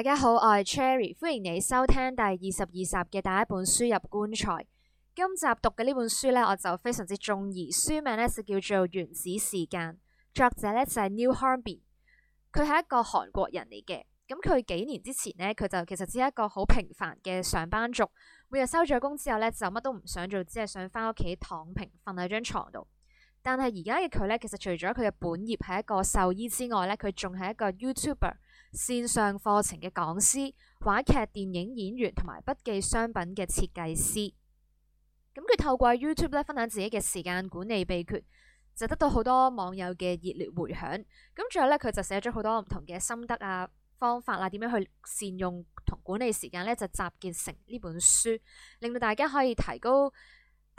大家好，我係 Cherry，歡迎你收聽第二十二集嘅帶一本書入棺材。今集讀嘅呢本書咧，我就非常之中意，書名咧就叫做《原子時間》，作者咧就係、是、Ryu Hanbin 佢係一個韓國人嚟嘅。咁佢幾年之前咧，佢就其實只係一個好平凡嘅上班族，每日收咗工之後咧，就乜都唔想做，只係想返屋企躺平，瞓喺張床度。但係而家嘅佢咧，其實除咗佢嘅本業係一個獸醫之外咧，佢仲係一個 YouTuber、線上課程嘅講師、話劇、電影演員同埋筆記商品嘅設計師。咁佢透過 YouTube 咧分享自己嘅時間管理秘訣，就得到好多網友嘅熱烈回響。咁最後咧，佢就寫咗好多唔同嘅心得啊、方法啦、啊，點樣去善用同管理時間咧，就集結成呢本書，令到大家可以提高。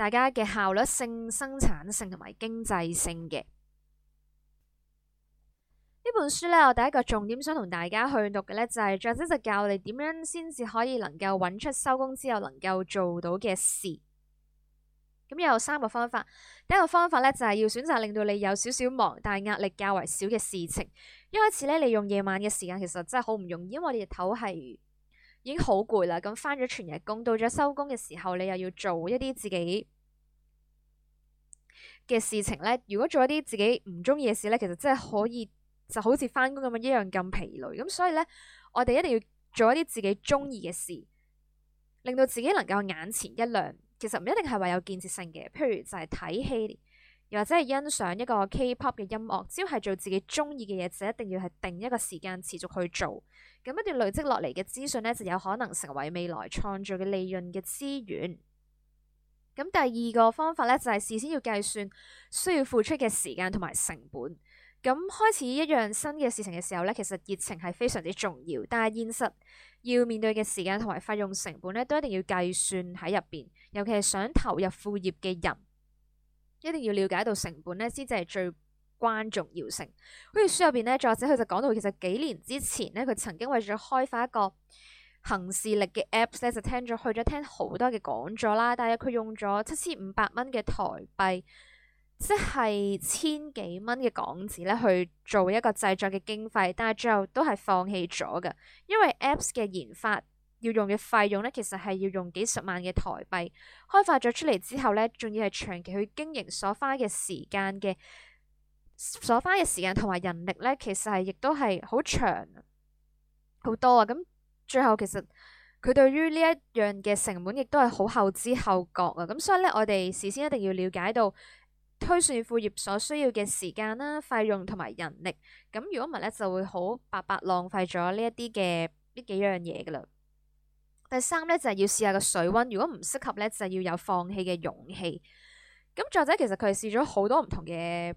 大家嘅效率性、生產性同埋經濟性嘅呢本書咧，我第一個重點想同大家去讀嘅咧、就是，就係作者就教你點樣先至可以能夠揾出收工之後能夠做到嘅事。咁有三個方法，第一個方法咧就係、是、要選擇令到你有少少忙但係壓力較為少嘅事情。一開始咧，你用夜晚嘅時間其實真係好唔容易，因為我哋日頭係。已經好攰啦，咁返咗全日工，到咗收工嘅時候，你又要做一啲自己嘅事情咧。如果做一啲自己唔中意嘅事咧，其實真係可以就好似返工咁樣一樣咁疲累。咁所以咧，我哋一定要做一啲自己中意嘅事，令到自己能夠眼前一亮。其實唔一定係話有建設性嘅，譬如就係睇戲。又或者係欣賞一個 K-pop 嘅音樂，只要係做自己中意嘅嘢，就一定要係定一個時間持續去做。咁一段累積落嚟嘅資訊呢，就有可能成為未來創造嘅利潤嘅資源。咁第二個方法呢，就係、係、事先要計算需要付出嘅時間同埋成本。咁開始一樣新嘅事情嘅時候呢，其實熱情係非常之重要，但係現實要面對嘅時間同埋費用成本呢，都一定要計算喺入邊。尤其係想投入副業嘅人。一定要了解到成本咧，先至係最關重要性。好似書入邊咧，作者佢就講到，其實幾年之前咧，佢曾經為咗開發一個行事力嘅 Apps 咧，就聽咗去咗聽好多嘅講座啦。但係佢用咗七千五百蚊嘅台幣，即係千幾蚊嘅港紙咧，去做一個製作嘅經費，但係最後都係放棄咗嘅，因為 Apps 嘅研發。要用嘅費用咧,其實係要用幾十萬嘅台幣開發咗出嚟之後咧，仲要係長期去經營所花嘅時間嘅，所花嘅時間同埋人力咧，其實係亦都係好長好多啊。咁最後其實佢對於呢一樣嘅成本厚厚，亦都係好後知後覺啊。咁所以咧，我哋事先一定要了解到推算副業所需要嘅時間啦、費用同埋人力。咁如果唔係咧，就會好白白浪費咗呢一啲嘅呢幾樣嘢噶啦。第三咧就係要試下個水溫，如果唔適合咧，就要有放棄嘅勇氣。咁作者，其實佢係試咗好多唔同嘅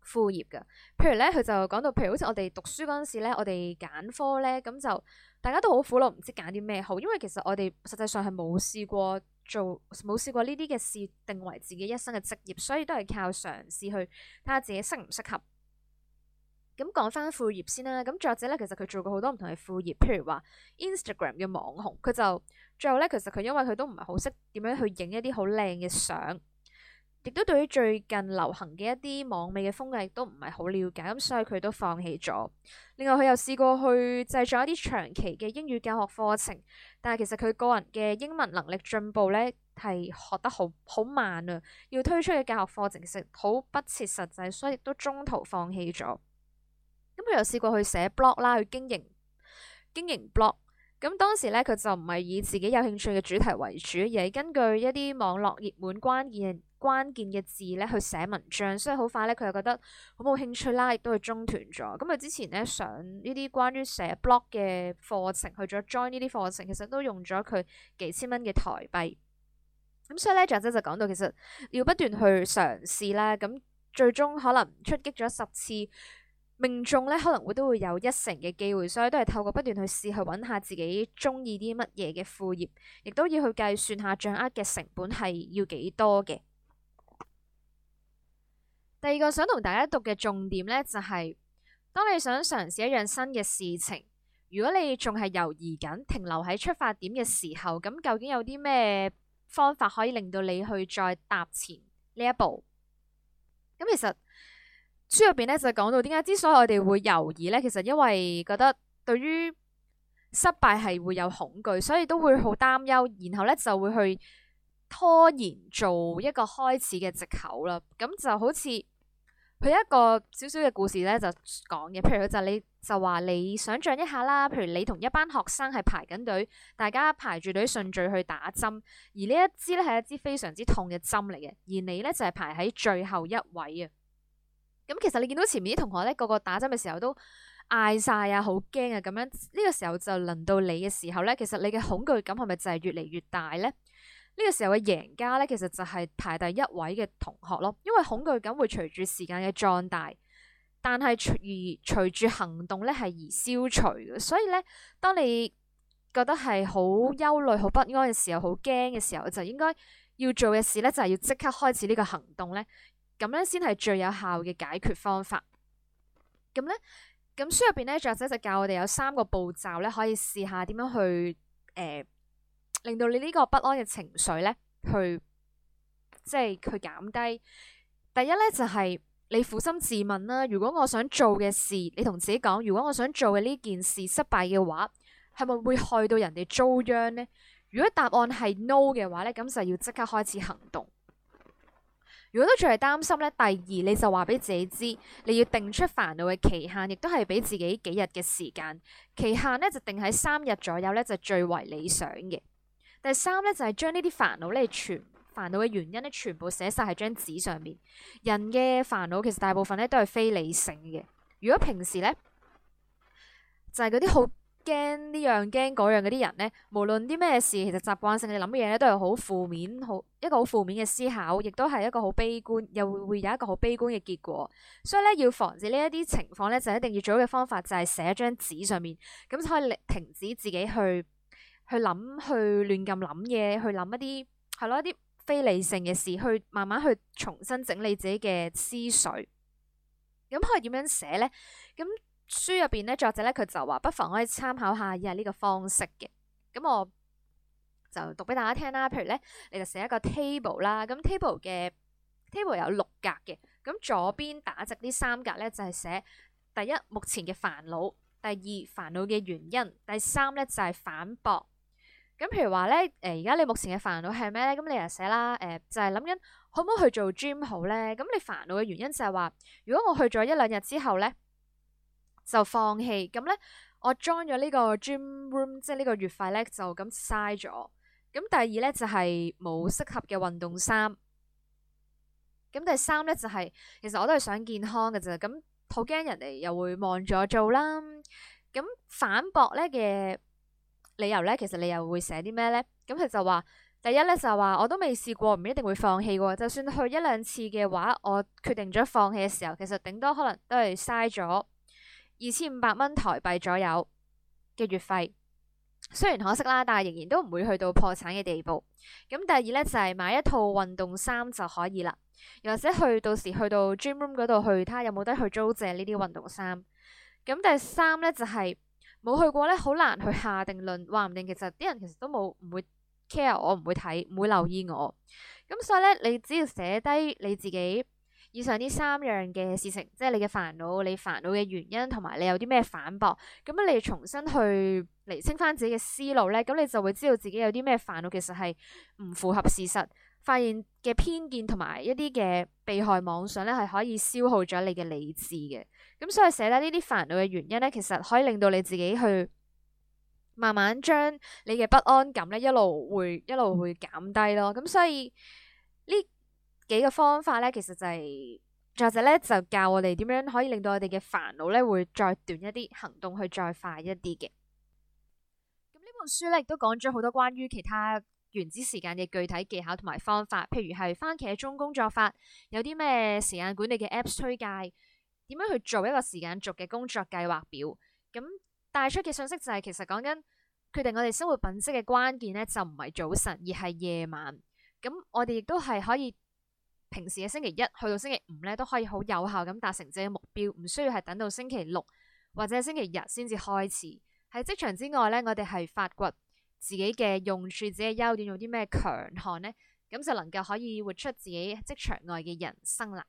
副業噶，譬如咧佢就講到，譬如好似我哋讀書嗰陣時咧，我哋揀科咧，咁就大家都好苦惱，唔知揀啲咩好。因為其實我哋實際上係冇試過做，冇試過呢啲嘅事定為自己一生嘅職業，所以都係靠嘗試去睇下自己適唔適合。咁講翻副業先啦，咁作者咧其實佢做過好多唔同嘅副業，譬如話 Instagram 嘅網紅，佢就最後咧其實佢因為佢都唔係好識點樣去影一啲好靚嘅相，亦都對於最近流行嘅一啲網美嘅風格亦都唔係好了解，咁所以佢都放棄咗。另外佢又試過去製作一啲長期嘅英語教學課程，但係其實佢個人嘅英文能力進步咧係學得好好慢啊，要推出嘅教學課程其實好不切實際，所以亦都中途放棄咗。咁佢又試過去寫 blog 啦，去經營經營 blog。咁當時咧，佢就唔係以自己有興趣嘅主題為主，而係根據一啲網絡熱門關鍵關鍵嘅字咧去寫文章。所以好快咧，佢又覺得好冇興趣啦，亦都去中斷咗。咁佢之前咧上呢啲關於寫 blog 嘅課程，去咗 join 呢啲課程，其實都用咗佢幾千蚊嘅台幣。咁所以咧作者就講到其實要不斷去嘗試啦。咁最終可能出擊咗十次。命中咧可能會都會有一成嘅機會，所以都係透過不斷去試去揾下自己鍾意啲乜嘢嘅副業，亦都要去計算下掌握嘅成本係要幾多嘅。第二個想同大家讀嘅重點咧，就係、是、當你想嘗試一樣新嘅事情，如果你仲係猶豫緊，停留喺出發點嘅時候，咁究竟有啲咩方法可以令到你去再踏前呢一步？咁其實。書入邊咧就講到點解之所以我哋會猶豫咧，其實因為覺得對於失敗係會有恐懼，所以都會好擔憂，然後咧就會去拖延做一個開始嘅借口啦。咁就好似佢一個少少嘅故事咧就講嘅，譬如佢就你就話你想象一下啦，譬如你同一班學生係排緊隊，大家排住隊順序去打針，而呢一支咧係一支非常之痛嘅針嚟嘅，而你咧就係排喺最後一位啊。咁其實你見到前面啲同學咧，個個打針嘅時候都嗌晒啊，好驚啊，咁樣呢個時候就輪到你嘅時候咧，其實你嘅恐懼感係咪就係越嚟越大咧？呢個時候嘅贏家咧，其實就係排第一位嘅同學咯，因為恐懼感會隨住時間嘅壯大，但係而隨住行動咧係而消除嘅，所以咧，當你覺得係好憂慮、好不安嘅時候，好驚嘅時候，就應該要做嘅事咧就係要即刻開始呢個行動咧。咁咧，先係最有效嘅解決方法。咁咧，咁書入邊咧，作者就教我哋有三個步驟咧，可以試下點樣去誒、呃，令到你呢個不安嘅情緒咧，去即係去減低。第一咧就係、是、你捫心自問啦。如果我想做嘅事，你同自己講，如果我想做嘅呢件事失敗嘅話，係咪會害到人哋遭殃咧？如果答案係 no 嘅話咧，咁就要即刻開始行動。如果都仲係擔心咧，第二你就話俾自己知，你要定出煩惱嘅期限，亦都係俾自己幾日嘅時間。期限咧就定喺三日左右咧，就最為理想嘅。第三咧就係將呢啲煩惱咧全煩惱嘅原因咧全部寫晒喺張紙上面。人嘅煩惱其實大部分咧都係非理性嘅。如果平時咧就係嗰啲好。驚呢樣驚嗰樣嗰啲人咧，無論啲咩事，其實習慣性嘅諗嘢咧，都係好負面，好一個好負面嘅思考，亦都係一個好悲觀，又會會有一個好悲觀嘅結果。所以咧，要防止呢一啲情況咧，就一定要最好嘅方法就係寫喺張紙上面，咁就可以停停止自己去去諗，去亂咁諗嘢，去諗一啲係咯一啲非理性嘅事，去慢慢去重新整理自己嘅思緒。咁可以點樣寫咧？咁。書入邊咧，作者咧佢就話不妨可以參考下以下呢個方式嘅。咁我就讀俾大家聽啦。譬如咧，你就寫一個 table 啦。咁 table 嘅 table 有六格嘅。咁左邊打直呢三格咧，就係、是、寫第一目前嘅煩惱，第二煩惱嘅原因，第三咧就係、是、反駁。咁譬如話咧，誒而家你目前嘅煩惱係咩咧？咁你就寫啦。誒、呃、就係諗緊可唔可以去做 gym 好咧？咁你煩惱嘅原因就係話，如果我去咗一兩日之後咧。就放棄咁咧。我 join 咗呢個 gym room，即係呢個月費咧就咁嘥咗。咁第二咧就係冇適合嘅運動衫。咁第三咧就係、是、其實我都係想健康噶咋。咁好驚人哋又會望咗做啦。咁反駁咧嘅理由咧，其實你又會寫啲咩咧？咁佢就話第一咧就話我都未試過，唔一定會放棄喎。就算去一兩次嘅話，我決定咗放棄嘅時候，其實頂多可能都係嘥咗。二千五百蚊台幣左右嘅月費，雖然可惜啦，但係仍然都唔會去到破產嘅地步。咁第二呢，就係買一套運動衫就可以啦，又或者去到時去到 Dream Room 嗰度去睇下有冇得去租借呢啲運動衫。咁第三呢，就係冇去過呢，好難去下定論，話唔定其實啲人其實都冇唔會 care 我，唔會睇，唔會留意我。咁所以呢，你只要寫低你自己。以上呢三樣嘅事情，即係你嘅煩惱，你煩惱嘅原因，同埋你有啲咩反駁，咁啊，你重新去釐清翻自己嘅思路咧，咁你就會知道自己有啲咩煩惱，其實係唔符合事實，發現嘅偏見同埋一啲嘅被害妄想咧，係可以消耗咗你嘅理智嘅。咁所以寫低呢啲煩惱嘅原因咧，其實可以令到你自己去慢慢將你嘅不安感咧，一路會一路會減低咯。咁所以呢，這個幾個方法咧，其實就係、是，作者咧就教我哋點樣可以令到我哋嘅煩惱咧會再短一啲，行動去再快一啲嘅。咁呢本書咧亦都講咗好多關於其他原子時間嘅具體技巧同埋方法，譬如係番茄鐘工作法，有啲咩時間管理嘅 apps 推介，點樣去做一個時間軸嘅工作計劃表。咁帶出嘅信息就係、是，其實講緊決定我哋生活品質嘅關鍵咧，就唔係早晨，而係夜晚。咁我哋亦都係可以。平時嘅星期一去到星期五咧，都可以好有效咁達成自己嘅目標，唔需要係等到星期六或者星期日先至開始。喺職場之外咧，我哋係發掘自己嘅用處，自己嘅優點，用啲咩強項呢，咁就能夠可以活出自己職場外嘅人生啦。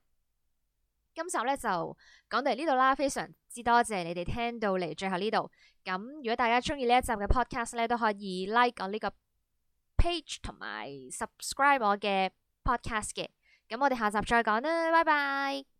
今集咧就講到呢度啦，非常之多謝你哋聽到嚟最後呢度。咁如果大家中意呢一集嘅 podcast 咧，都可以 like 我呢個 page 同埋 subscribe 我嘅 podcast 嘅。咁我哋下集再講啦，拜拜。